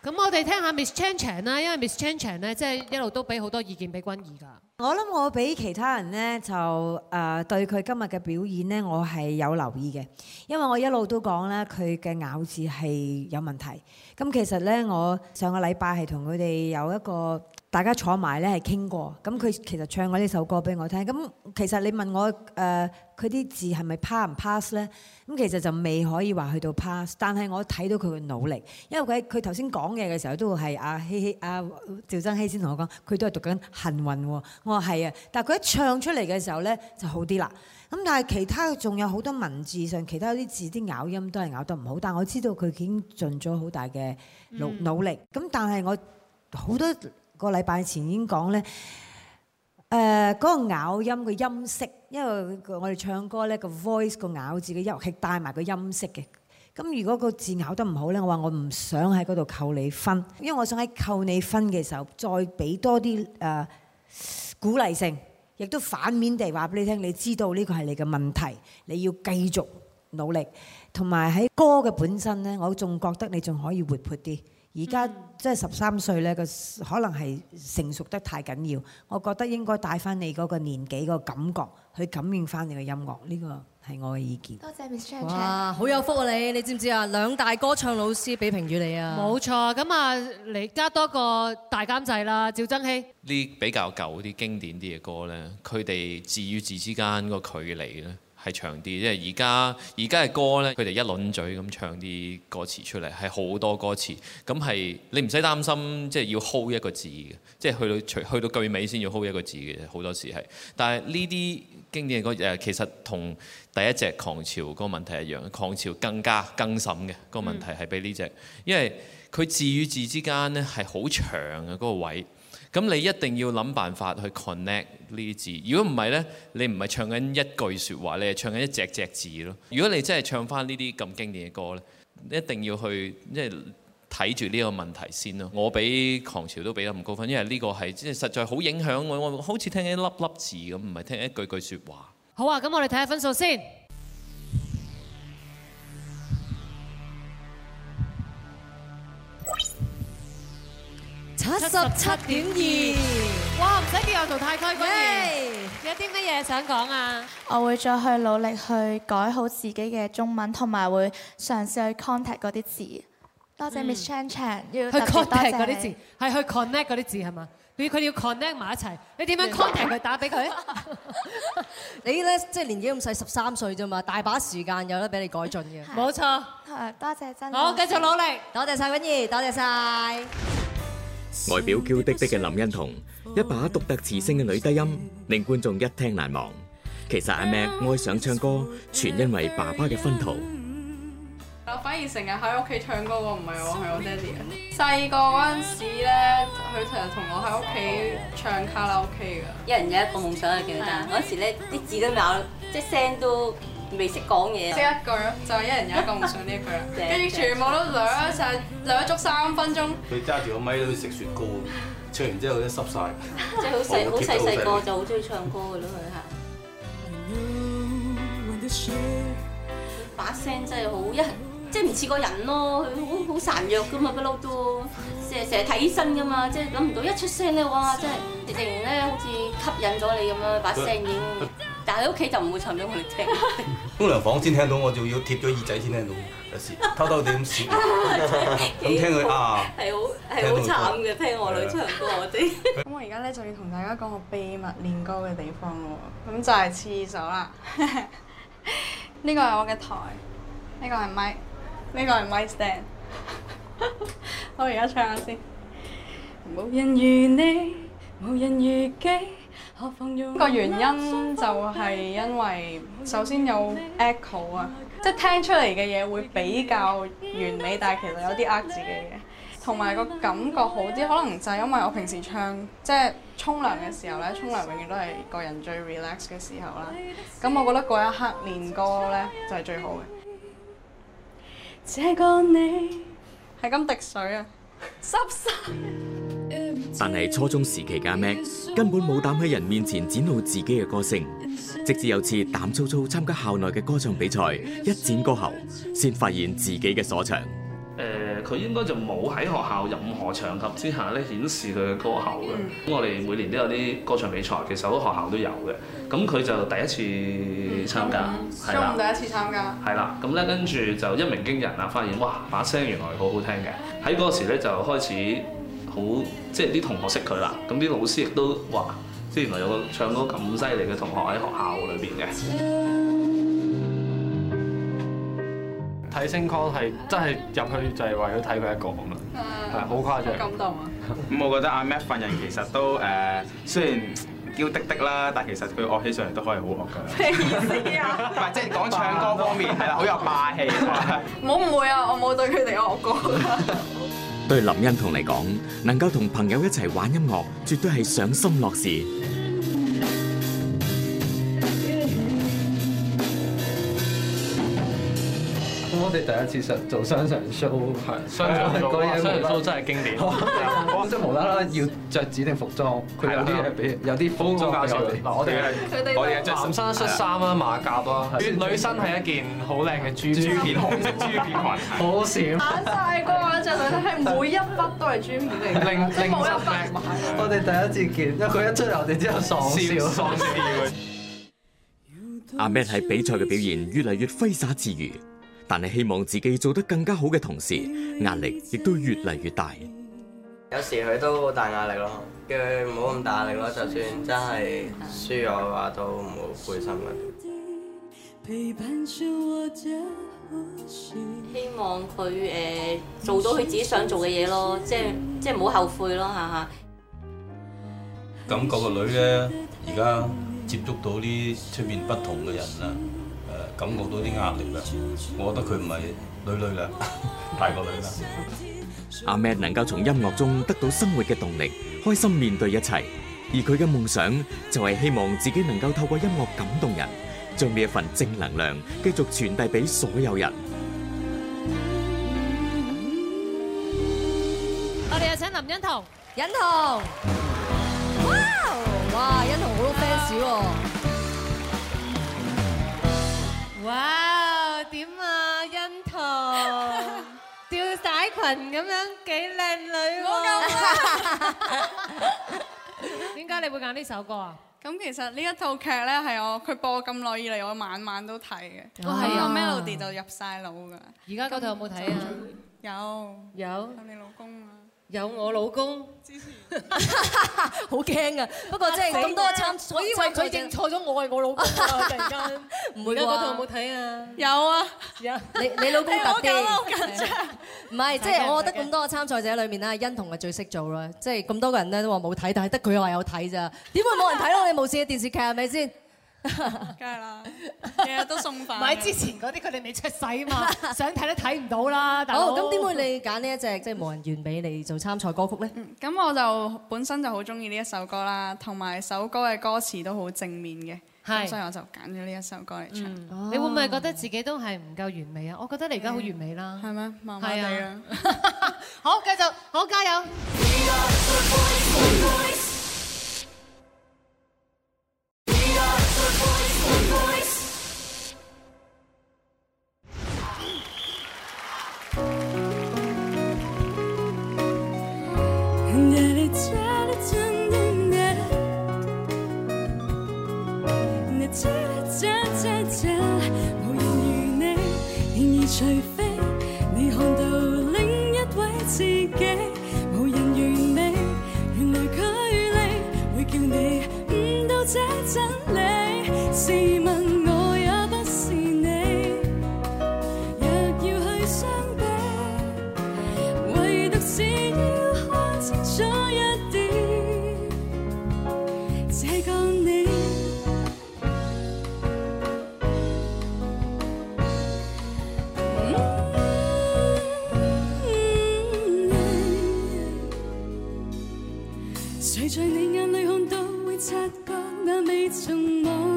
棒。咁我哋聽，聽下 Miss Chan Chan 啦，因為 Miss Chan Chan 呢，即係一路都俾好多意見俾筠怡㗎。我諗我畀其他人咧就、誒，對佢今日嘅表演咧，我係有留意嘅，因為我一路都講咧，佢嘅咬字係有問題。咁其實咧，我上個禮拜係同佢哋有一個。大家坐埋咧係傾過，咁佢其實唱過呢首歌俾我聽。咁其實你問我誒，佢、呃、啲字係咪 pass 唔 pass 咧？咁其實就未可以話去到 pass，但係我睇到佢嘅努力，因為佢佢頭先講嘢嘅時候都係阿、啊、希希、阿、啊、趙增熹先同我講，佢都係讀緊幸運。我話係啊，但係佢一唱出嚟嘅時候咧就好啲啦。咁但係其他仲有好多文字上，其他啲字啲咬音都係咬得唔好。但係我知道佢已經盡咗好大嘅努努力。咁、嗯、但係我好多個禮拜前已經講咧，誒嗰個咬音嘅音色，因為我哋唱歌咧個 voice 個咬字嘅音，係帶埋個音色嘅。咁如果個字咬得唔好咧，我話我唔想喺嗰度扣你分，因為我想喺扣你分嘅時候，再俾多啲誒鼓勵性，亦都反面地話俾你聽，你知道呢個係你嘅問題，你要繼續努力，同埋喺歌嘅本身咧，我仲覺得你仲可以活潑啲。而家即係十三歲咧，個可能係成熟得太緊要。我覺得應該帶翻你嗰個年紀個感覺去感染翻你嘅音樂，呢個係我嘅意見。多謝 Miss Chan Chan。哇，好有福啊！你你知唔知啊？兩大歌唱老師俾評語你啊？冇錯，咁啊，你加多個大監製啦，趙增熹。呢比較舊啲經典啲嘅歌咧，佢哋字與字之間個距離咧。係長啲，即係而家而家嘅歌咧，佢哋一輪嘴咁唱啲歌詞出嚟，係好多歌詞，咁係你唔使擔心，即係要 hold 一個字嘅，即係去到除去到句尾先要 hold 一個字嘅，好多時係。但係呢啲經典嘅歌誒、呃，其實同第一隻狂潮嗰個問題一樣，狂潮更加更深嘅嗰個問題係比呢隻，嗯、因為佢字與字之間咧係好長嘅嗰、嗰個位，咁你一定要諗辦法去 connect。呢啲字，如果唔係呢，你唔係唱緊一句説話，你係唱緊一隻隻字咯。如果你真係唱返呢啲咁經典嘅歌呢，一定要去即係睇住呢個問題先咯。我俾狂潮都俾得唔高分，因為呢個係即係實在好影響我。我好似聽緊一粒粒字咁，唔係聽一句句説話。好啊，咁我哋睇下分數先。七十七點二，哇！唔使叫我做太區，果然有啲乜嘢想講啊？我會再去努力去改好自己嘅中文，同埋會嘗試去 contact 嗰啲字。多謝 Miss Chan Chan 要去 contact 嗰啲字，係去 connect 嗰啲字係嘛？佢佢要 connect 埋一齊，你點樣 contact 佢打俾佢？你咧即係年紀咁細，十三歲啫嘛，大把時間有得俾你改進嘅。冇錯，多謝真好，繼續努力，多謝晒君兒，多謝晒。外表嬌滴滴嘅林欣彤，一把獨特磁性嘅女低音，令觀眾一聽難忘。其實阿 Mag 愛上唱歌，全因為爸爸嘅熏陶。我反而成日喺屋企唱歌，唔係我係我爹哋啊！細個嗰陣時咧，佢成日同我喺屋企唱卡拉 OK 噶。一人有一個夢想係幾好噶？嗰時咧啲字都未有，即係聲都。未識講嘢啊！識一句，就係一人有一個夢想呢一句啦。跟住 全部都兩成兩足三分鐘。佢揸住個咪都要食雪糕，唱完之後都濕晒，即係好細好細細個就好中意唱歌嘅咯，佢嚇。把聲真係好，一即係唔似個人咯，佢好好孱弱噶嘛，不嬲都成日成日睇醫生噶嘛，即係諗唔到一出聲咧哇，真係突然咧好似吸引咗你咁樣把聲已經。 但係喺屋企就唔會唱俾我哋聽，沖涼 房先聽到，我仲要貼咗耳仔先聽到，有時偷偷哋咁笑，咁、 嗯、聽佢啊，係好係好慘嘅，聽，到的聽我女唱歌我知。咁 我而家咧就要同大家講我秘密練歌嘅地方咯，咁就係廁所啦。呢個係我嘅台，呢個係麥，呢個係麥 stand。 我而家唱下先，無 人如你，無人如機。個原因就係因為首先有 echo 啊，即係聽出嚟嘅嘢會比較完美，但係其實有啲呃自己嘅，同埋個感覺好啲，可能就係因為我平時唱即係沖涼嘅時候呢，沖涼永遠都係個人最 relax 嘅時候啦。咁我覺得嗰一刻練歌呢，就係最好嘅。只這個你係咁滴水啊，濕曬。但係初中時期嘅 Mag、啊、根本冇膽喺人面前展露自己嘅歌聲，直至有次膽粗粗參加校內嘅歌唱比賽，一展歌喉，先發現自己嘅所長。佢、呃、應該就冇喺學校任何場合之下咧顯示佢嘅歌喉嘅。嗯、我哋每年都有啲歌唱比賽，其實好多學校都有嘅。咁佢就第一次參加，中午第一次參加，係啦。咁咧跟住就一鳴驚人啊，發現哇，把聲原來好好聽嘅。喺嗰時咧就開始。好，即係啲同學識佢啦，咁啲老師亦都話，之前咪有個唱歌咁犀利嘅同學喺學校裏邊嘅。睇《星歌》係真係入去就係為咗睇佢一個咁啊，係好、嗯、誇張。感動啊！咁我覺得阿 Mag 份人其實都誒，雖然嬌滴滴啦，但係其實佢樂起上嚟都可以好惡嘅。唔係即係講唱歌方面係啦，好著有霸氣冇唔 會啊，我冇對佢哋惡過。對林欣彤嚟講，能夠同朋友一齊玩音樂，絕對係賞心樂事。第一次上做商場 show，係商場 show 真係經典，真係無啦啦要着指定服裝，佢有啲嘢俾，有啲風光介紹。嗱，我哋着男生恤衫啦，馬甲啦；女生係一件好靚嘅珠片紅色珠片裙，好閃。眼曬光啊！著女仔，每一筆都係珠片嚟嘅，冇一筆。我哋第一次見，因為佢一出嚟我哋之後喪笑喪笑。阿咩喺比賽嘅表現越嚟越揮灑自如。但係希望自己做得更加好嘅同時，壓力亦都越嚟越大。有時佢都好大壓力咯，叫佢唔好咁大壓力咯。嗯、就算真係輸咗嘅話，嗯、都唔好灰心啦。希望佢誒、呃，做到佢自己想做嘅嘢咯，即係即係唔好後悔咯，吓吓。咁嗰個女咧，而家接觸到啲出面不同嘅人啦。感覺到啲壓力啦，我覺得佢唔係女女啦，大個女啦。阿 Mag 能夠從音樂中得到生活嘅動力，開心面對一切，而佢嘅夢想就係希望自己能夠透過音樂感動人，將呢一份正能量繼續傳遞俾所有人。我哋有請林欣彤，欣彤，哇，哇，欣彤好多 fans 喎。哇！點啊，欣彤吊帶裙咁樣幾靚女喎！點解你會揀呢首歌啊？咁其實呢一套劇咧，係我佢播咗咁耐以嚟，我晚晚都睇嘅。我係呢個 Melody 就入晒腦㗎啦！而家嗰度有冇睇啊？有，有。你老公啊？有我老公，好驚啊！不過即係咁多個參，我以為佢認錯咗我係我老公啊！突然間，唔會喎。冇睇啊？有啊，有。你你老公好緊張，唔係，即係我覺得咁多個參賽者裏面咧，欣彤係最識做啦。即係咁多個人咧都話冇睇，但係得佢話有睇咋。點會冇人睇咯？你無線嘅電視劇係咪先？是梗係啦，日日都送飯。唔係之前嗰啲佢哋未出世啊嘛，想睇都睇唔到啦。好，咁點會你揀呢一隻即係無人完美俾你做參賽歌曲咧？咁、嗯、我就本身就好中意呢一首歌啦，同埋首歌嘅歌詞都好正面嘅，咁是所以我就揀咗呢一首歌嚟唱。是你會唔會覺得自己都係唔夠完美啊？我覺得你而家好完美啦。係咪？慢慢嚟啊！的 好，繼續，好，加油！察覺那未曾。無。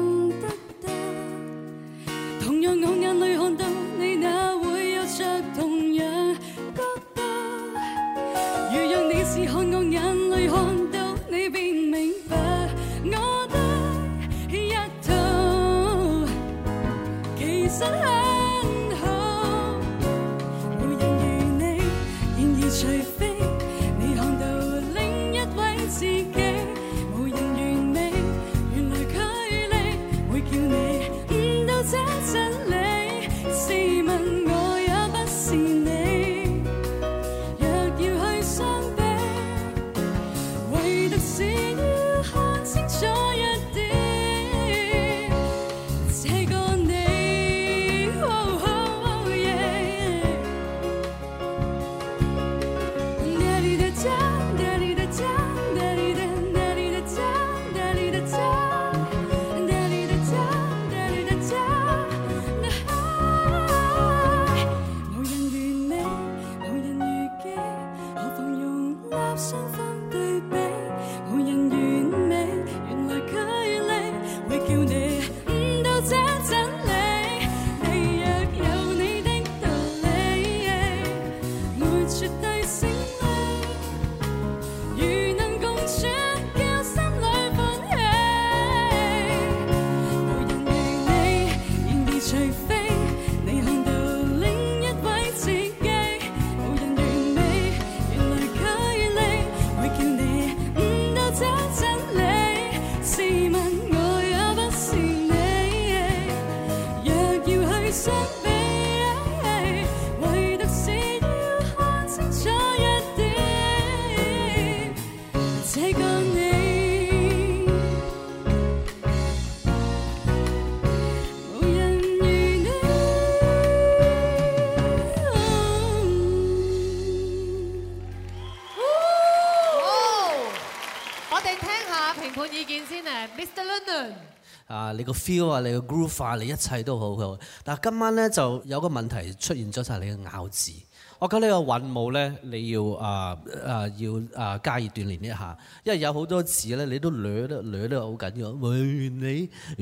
啊，你個 feel 啊，你個 groove 化、啊，你一切都好好。但係今晚咧就有個問題出現咗晒。你嘅咬字。我覺得個呢個韻母咧你要啊啊要啊加以鍛鍊一下，因為有好多字咧你都捋得捋得好緊要。你，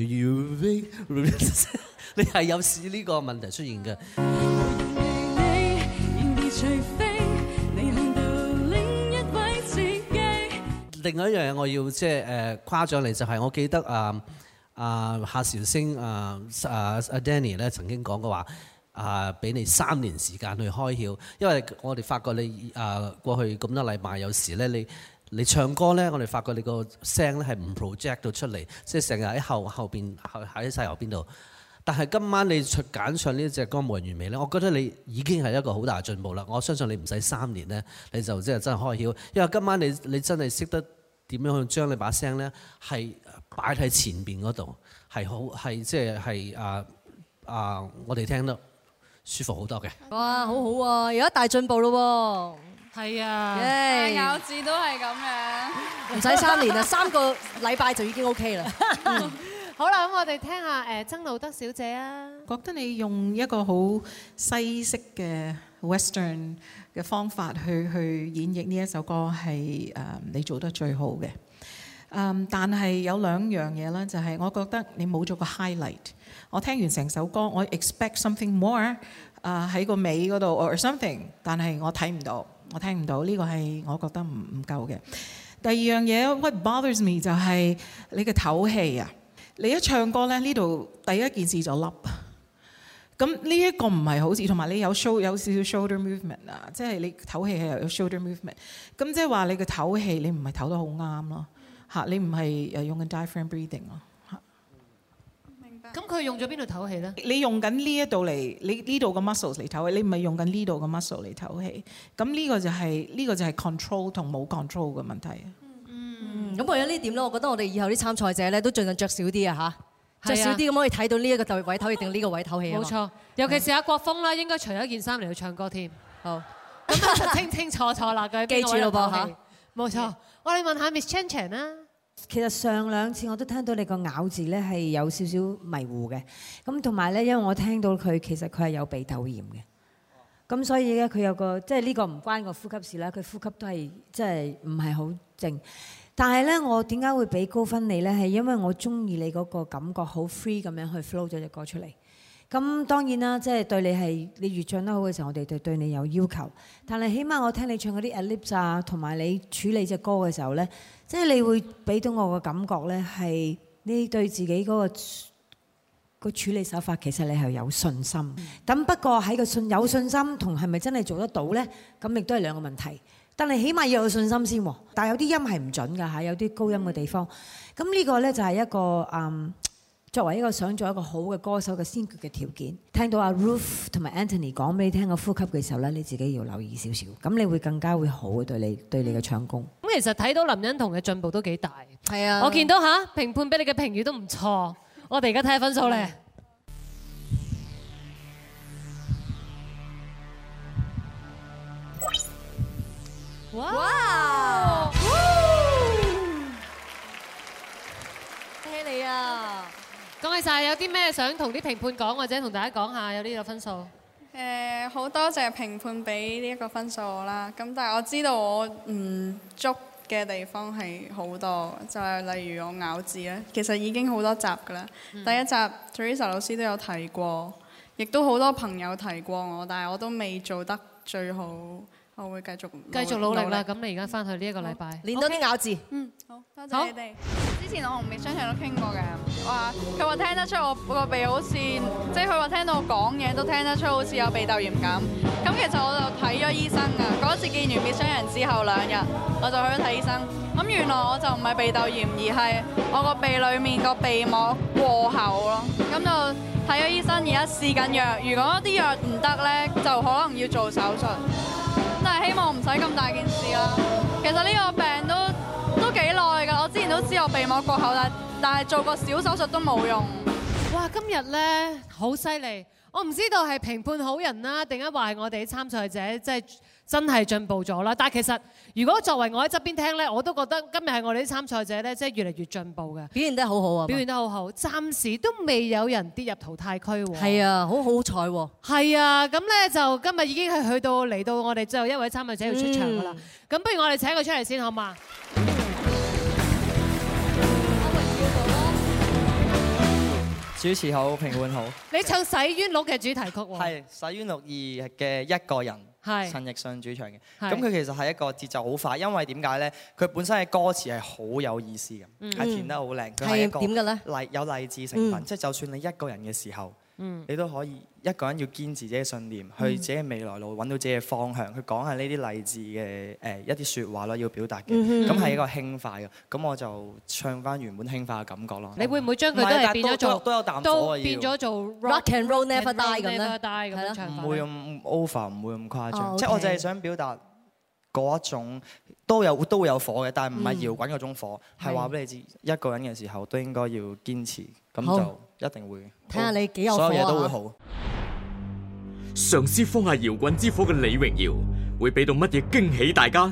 你係有事呢個問題出現嘅。另外一樣嘢我要即係誒誇獎你，就係我記得啊啊夏韶聲啊啊 Danny 咧曾經講過話啊，俾你三年時間去開竅，因為我哋發覺你啊過去咁多禮拜有時咧，你你唱歌咧，我哋發覺你個聲咧係唔 project 到出嚟，即係成日喺後後面後邊喺喺曬後邊度。但係今晚你出揀唱呢隻歌無人完美咧，我覺得你已經係一個好大進步啦。我相信你唔使三年咧，你就即係真係開竅，因為今晚你你真係識得點樣將你把聲咧係擺喺前邊嗰度，係好係即係係啊啊！我哋聽得舒服好多嘅。哇，好好喎、啊，而家大進步咯喎。係啊，Yeah. 咬字都係咁樣，唔使三年啦，三個禮拜就已經 OK 啦。 好啦，咁我哋聽下誒曾路德小姐啊，覺得你用一個好西式嘅 Western 嘅方法去去演繹呢一首歌係誒你做得最好嘅。嗯，但係有兩樣嘢啦，就係我覺得你冇咗個 highlight。我聽完成首歌，我 expect something more 啊喺個尾嗰度 or something，但係我睇唔到，我聽唔到。呢個係我覺得唔唔夠嘅。第二樣嘢 what bothers me 就係你嘅唞氣啊。你一唱歌咧，呢度第一件事就笠。咁呢一個唔係好似，同埋你有 show 有少少 shoulder movement 啊，即係你唞氣係有 shoulder movement。咁即係話你嘅唞氣你唔係唞得好啱咯，嚇、嗯、你唔係誒用緊 diaphragm breathing 咯。明白。咁佢用咗邊度唞氣咧？你用緊呢一度嚟，你呢度嘅 muscles 嚟唞氣，你唔係用緊呢度嘅 muscle 嚟唞氣。咁呢個就係、是、呢、呢個就係 control 同冇 control 嘅問題。咁為咗呢點咧，我覺得我哋以後啲參賽者咧都盡量着少啲啊！嚇是的，著少啲，咁可以睇到呢一個位唞氣定呢個位唞氣？冇錯，尤其是阿國風啦，應該除咗件衫嚟去唱歌添。好咁，就聽清清楚楚啦，記住咯噃嚇。冇錯，我哋問下 Miss Chen Chan 啦。其實上兩次我都聽到你個咬字咧係有少少迷糊嘅。咁同埋咧，因為我聽到佢其實佢係有鼻竇炎嘅。咁所以咧，佢有個即係呢個唔關個呼吸事啦。佢呼吸都係即係唔係好靜。但係咧，我點解會俾高分你呢？係因為我中意你嗰個感覺，好 free 咁樣去 flow 咗隻歌出嚟。咁當然啦，即係對你係你越唱得好嘅時候，我哋對對你有要求。但係起碼我聽你唱嗰啲，e、alips 啊，同埋你處理隻歌嘅時候呢，即係你會俾到我嘅感覺呢，係你對自己嗰個個處理手法其實你係有信心。咁，嗯、不過喺個信有信心同係咪真係做得到呢？咁亦都係兩個問題。但你起碼要有信心先喎，但係有啲音係唔準㗎吓，有啲高音嘅地方。咁呢個呢，就係一個嗯，作為一個想做一個好嘅歌手嘅先決嘅條件。聽到阿 Ruth 同埋 Anthony 講俾你聽個呼吸嘅時候呢，你自己要留意少少，咁你會更加會好嘅對你對你嘅唱功。咁其實睇到林欣彤嘅進步都幾大，係啊，我見到吓評判俾你嘅評語都唔錯。我哋而家睇下分數呢。哇！哇哇哇恭喜你啊！恭喜晒，有啲咩想同啲評判講或者同大家講下？有呢個分數？誒、嗯，好多謝評判俾呢一個分數我啦。咁但係我知道我唔足嘅地方係好多，就係、係、例如我咬字咧，其實已經好多集噶啦。第一集 Teresa、嗯、老師都有提過，亦都好多朋友提過我，但係我都未做得最好，我會繼續繼續努力啦。咁你而家翻去呢好一個禮拜練多啲咬字。嗯，好多謝你哋。之前我同鼻商人都傾過嘅，話佢話聽得出我個鼻好似，即係佢話聽到我講嘢都聽得出好似有鼻竇炎咁。咁其實我就睇咗醫生啊。嗰次見完鼻傷人之後兩日，我就去咗睇醫生。咁原來我就唔係鼻竇炎，而係我個鼻裡面個鼻膜過厚咯。咁就睇咗醫生，而家試緊藥。如果啲藥唔得呢，就可能要做手術。希望唔使咁大件事啦。其實呢個病都都幾耐㗎。我之前都知我鼻膜過厚，但但係做個小手術都冇用。哇！今日咧好犀利，我唔知道係評判好人啦，定係話係我哋啲參賽者即係。真係進步咗啦！但係其實，如果作為我喺側邊聽咧，我都覺得今日係我哋啲參賽者咧，即係越嚟越進步嘅。表現得好好啊！表現得好好，暫時都未有人跌入淘汰區喎。係啊，好好彩喎。係啊，咁咧就今日已經係去到嚟到我哋最後一位參賽者要出場㗎啦。咁不如我哋請佢出嚟先，好嘛？主持好，評判好。你唱《洗冤錄》嘅主題曲喎。係《洗冤錄二》嘅一個人。係陳奕迅主唱嘅，咁佢是其實係一個節奏好快，因為點解呢？佢本身嘅歌詞係好有意思嘅，係、嗯、填得好靚，係點嘅呢？呢有勵志成分，即係、嗯、就，就算你一個人嘅時候。你都可以一個人要堅持自己嘅信念，去自己嘅未來路揾到自己嘅方向，佢講下呢啲勵志嘅誒一啲説話咯，要表達嘅。咁係一個輕快嘅，咁我就唱翻原本輕快嘅感覺咯。你會唔會將佢都係變咗做都有都可以變咗做 rock and roll never die 咁樣？唔會咁 over，唔會咁誇張。即係我淨係想表達嗰一種都有都有火嘅，但係唔係搖滾嗰種火，係話俾你知一個人嘅時候都應該要堅持。咁就。一定會睇下你幾有火，所有嘢都會好。啊、嘗試放下搖滾之火嘅李榮耀，會俾到乜嘢驚喜大家？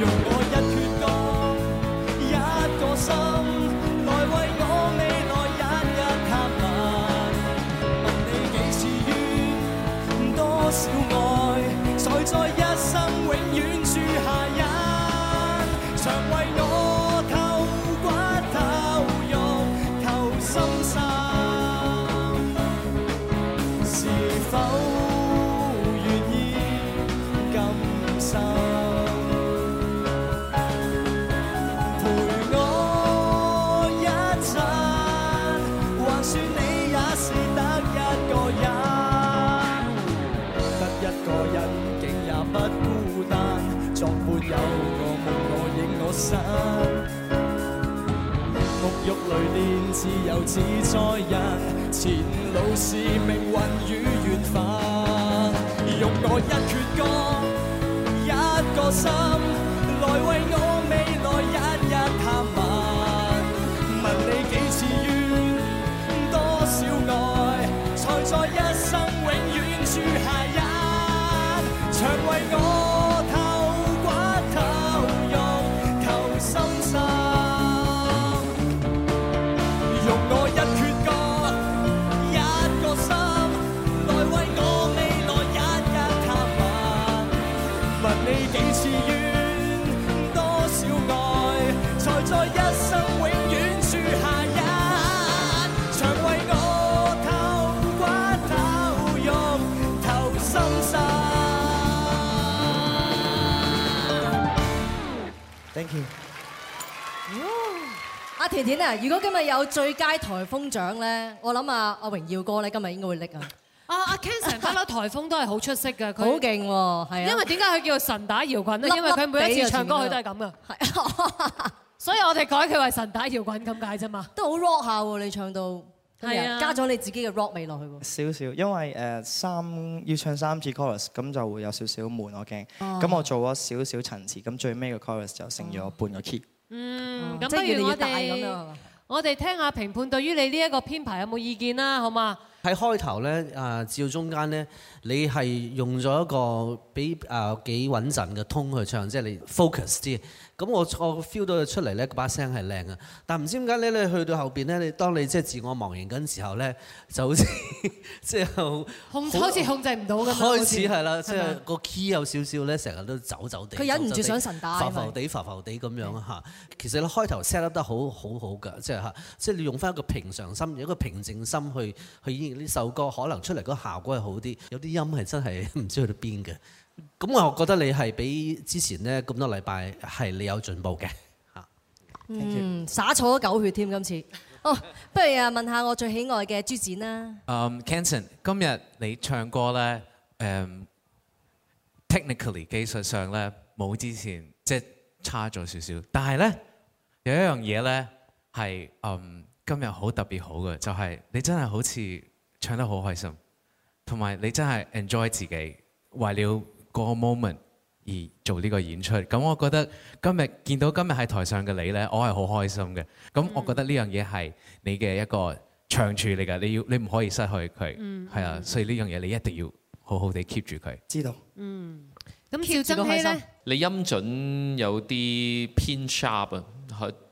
用我一闕歌，一個心。自由自在人，前路是命運與緣份，用我一闕歌，一個心，來為我。Thank you。阿甜甜啊，如果今日有最佳颱風獎咧，我諗啊阿榮耀哥咧今日應該會拎啊。啊啊 Kenson 不嬲颱風都係好出色㗎，佢好勁喎。係啊。因為點解佢叫做神打搖滾咧？因為佢每一次唱歌佢都係咁㗎。係啊。所以我哋改佢為神打搖滾咁解啫嘛。都好 rock 下喎，你唱到。係啊嗎，嗎加咗你自己嘅 rock 味落去喎。少少，因為誒三要唱三次 chorus，咁就會有少少悶，我驚。咁我做咗少少層次，咁最尾嘅 chorus 就剩咗半個 key。嗯，咁不如我哋我哋聽下評判對於你呢一個編排有冇意見啦，好嘛？喺開頭咧啊，照中間咧，你係用咗一個比誒幾穩陣嘅通去唱，即係你 focus 啲。咁我我 feel 到佢出嚟咧，嗰把聲係靚啊，但唔知點解咧，你去到後邊咧，你當你即係自我忘形嗰陣時候咧，就好似即係控好似開始控制唔到咁樣。開始係啦，即係個 key 有少少咧，成日都走走地。佢忍唔住想神打。浮浮地、浮浮地咁樣嚇。其實你開頭 set 得好好好好㗎，即係嚇，即係你用翻一個平常心、一個平靜心去去演呢首歌，可能出嚟個效果係好啲。有啲音係真係唔知去到邊嘅。咁我覺得你係比之前咧咁多禮拜係你有進步嘅嚇。Thank you. 嗯，灑錯咗狗血添今次。哦、oh，不如啊問下我最喜愛嘅朱展啦。嗯，Kenson，、um, 今日你唱歌咧，誒、um，technically 技術上咧冇之前即係、就是、差咗少少。但係咧有一樣嘢咧係嗯今日好特別好嘅，就係、是、你真係好似唱得好開心，同埋你真係 enjoy 自己，為了。個 moment 而做呢個演出，咁我覺得今日見到今日喺台上嘅你呢，我係好開心嘅。咁我覺得呢樣嘢係你嘅一個長處嚟㗎，你要你唔可以失去佢，係啊、嗯，所以呢樣嘢你一定要好好地 keep 住佢。知道，嗯。咁調準呢？你音準有啲偏 sharp 啊，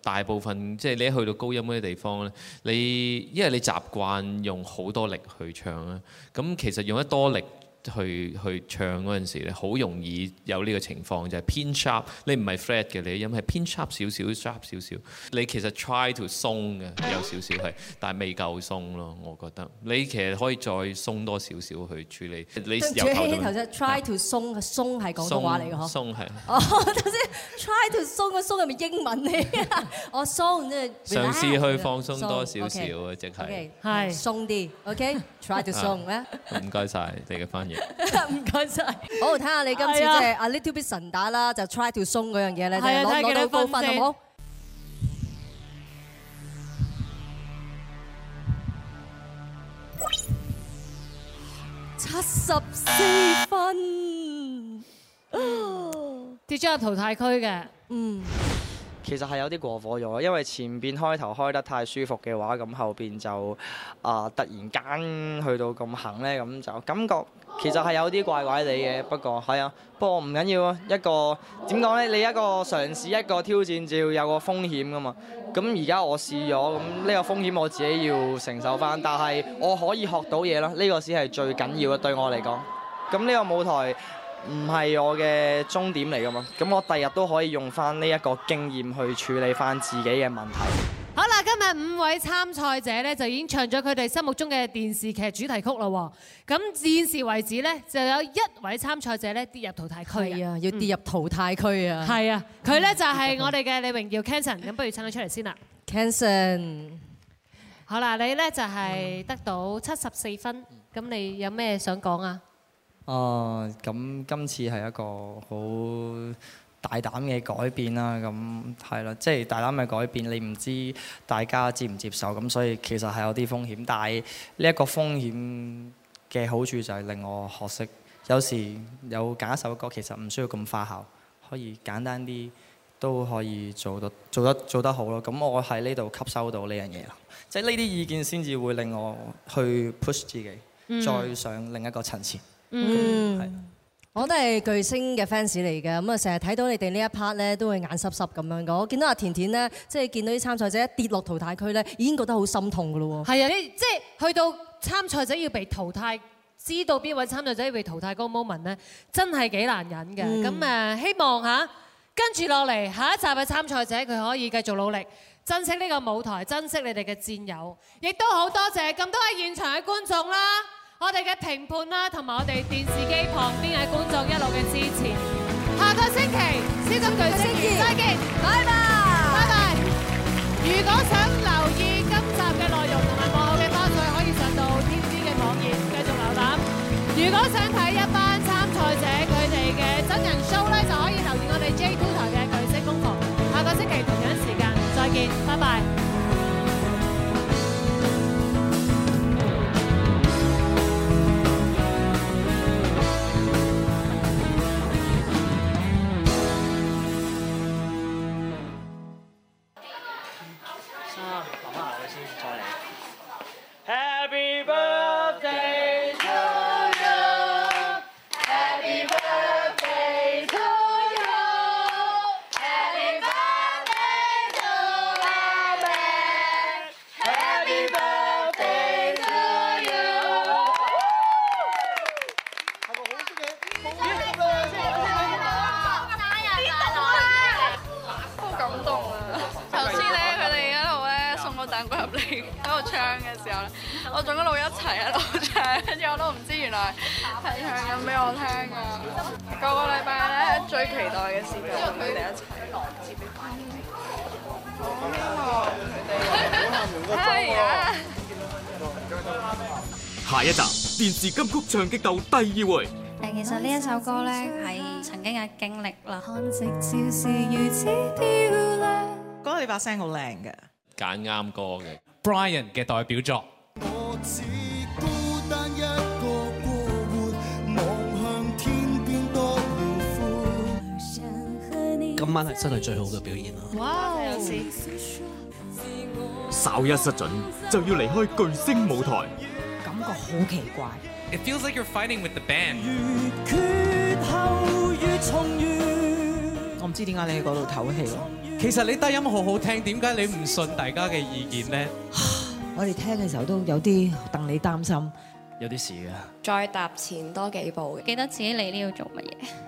大部分即係、就是、你一去到高音嗰啲地方呢，你因為你習慣用好多力去唱啊，咁其實用得多力。去去唱嗰陣時咧，好容易有呢個情況，就係偏 sharp。你唔係 flat 嘅，你音係偏 sharp 少少，sharp 少少。你其實 try to 鬆嘅，有少少係，但係未夠鬆咯，我覺得。你其實可以再鬆多少少去處理。你由頭先頭就 try to 鬆，鬆係廣東話嚟㗎呵？鬆係。哦，頭先 try to 鬆個鬆係咪英文嚟？我鬆即係嘗試去放鬆多少少啊！即係係鬆啲，OK？Try to 鬆啦。唔該曬，你嘅翻。唔該晒，好睇下你今次即係、哎、呦 a little bit 神打啦，就 try to 鬆嗰樣嘢咧，就攞攞到高分，分好好？七十四分，跌咗入淘汰區嘅， 嗯。其實係有啲過火咗，因為前邊開頭開得太舒服嘅話，咁後邊就啊、呃、突然間去到咁狠呢。咁就感覺其實係有啲怪怪地嘅。不過係啊，不過唔緊要啊。一個點講呢？你一個嘗試一個挑戰就要有個風險噶嘛。咁而家我試咗，咁呢個風險我自己要承受翻。但係我可以學到嘢啦，呢、這個先係最緊要嘅對我嚟講。咁呢個舞台，唔係我嘅終點嚟㗎嘛，咁我第日都可以用翻呢一個經驗去處理翻自己嘅問題。好啦，今日五位參賽者咧就已經唱咗佢哋心目中嘅電視劇主題曲啦。咁至現時為止咧，就有一位參賽者咧跌入淘汰區啊！要跌入淘汰區、嗯、啊！係啊，佢咧就係我哋嘅李榮耀。Kenson 咁不如請佢出嚟先啦。Kenson Ken son 好啦，你咧就係得到七十四分，咁你有咩想講啊？哦，咁今次係一個好大膽嘅改變啦。咁係啦，即係大膽嘅改變，你唔知大家接唔接受，咁所以其實係有啲風險。但係呢一個風險嘅好處就係令我學識有時有揀一首歌，其實唔需要咁花巧，可以簡單啲都可以做得做得做得好咯。咁我喺呢度吸收到呢樣嘢啦，即係呢啲意見先至會令我去 push 自己，再上另一個層次。嗯，Okay. mm. 我都係巨星嘅 fans 嚟嘅，咁啊成日睇到你哋呢一 part 咧，都會眼濕濕咁樣嘅。我見到阿甜甜咧，即係見到啲參賽者一跌落淘汰區咧，已經覺得好心痛嘅咯喎。係啊，即係去到參賽者要被淘汰，知道邊位參賽者要被淘汰嗰 moment 咧，真係幾難忍嘅。咁誒，希望吓跟住落嚟下一集嘅參賽者，佢可以繼續努力，珍惜呢個舞台，珍惜你哋嘅戰友，亦都好多謝咁多喺現場嘅觀眾啦。我哋嘅評判啦，同埋我哋電視機旁邊嘅觀眾一路嘅支持。下個星期《超級巨聲》巨聲再見，拜拜。如果想留意今集嘅內容同埋幕後嘅花絮，可以上到 TVB 嘅網頁繼續瀏覽。如果想睇一班參賽者佢哋嘅真人 show 咧，就可以留意我哋 J2 台嘅《巨聲工房》。下個星期同樣時間再見，拜拜。唱激鬥第二回。誒，其實呢一首歌咧係曾經嘅經歷啦。嗰把聲好靚嘅，揀啱歌嘅。Brian 嘅代表作。我似孤單一個孤門望向天邊多無歡。今晚係真係最好嘅表演啊！嘩，有時稍一失準就要離開巨聲舞台，感覺好奇怪。It feels like you're fighting with the band。我 唔 知點解你喺嗰度唞氣咯。其實你低音好好聽，點解你唔信大家嘅意見咧 我哋聽嘅時候都有啲戥你擔心，有啲事嘅。再踏前多幾步嘅，記得自己嚟呢要做乜嘢。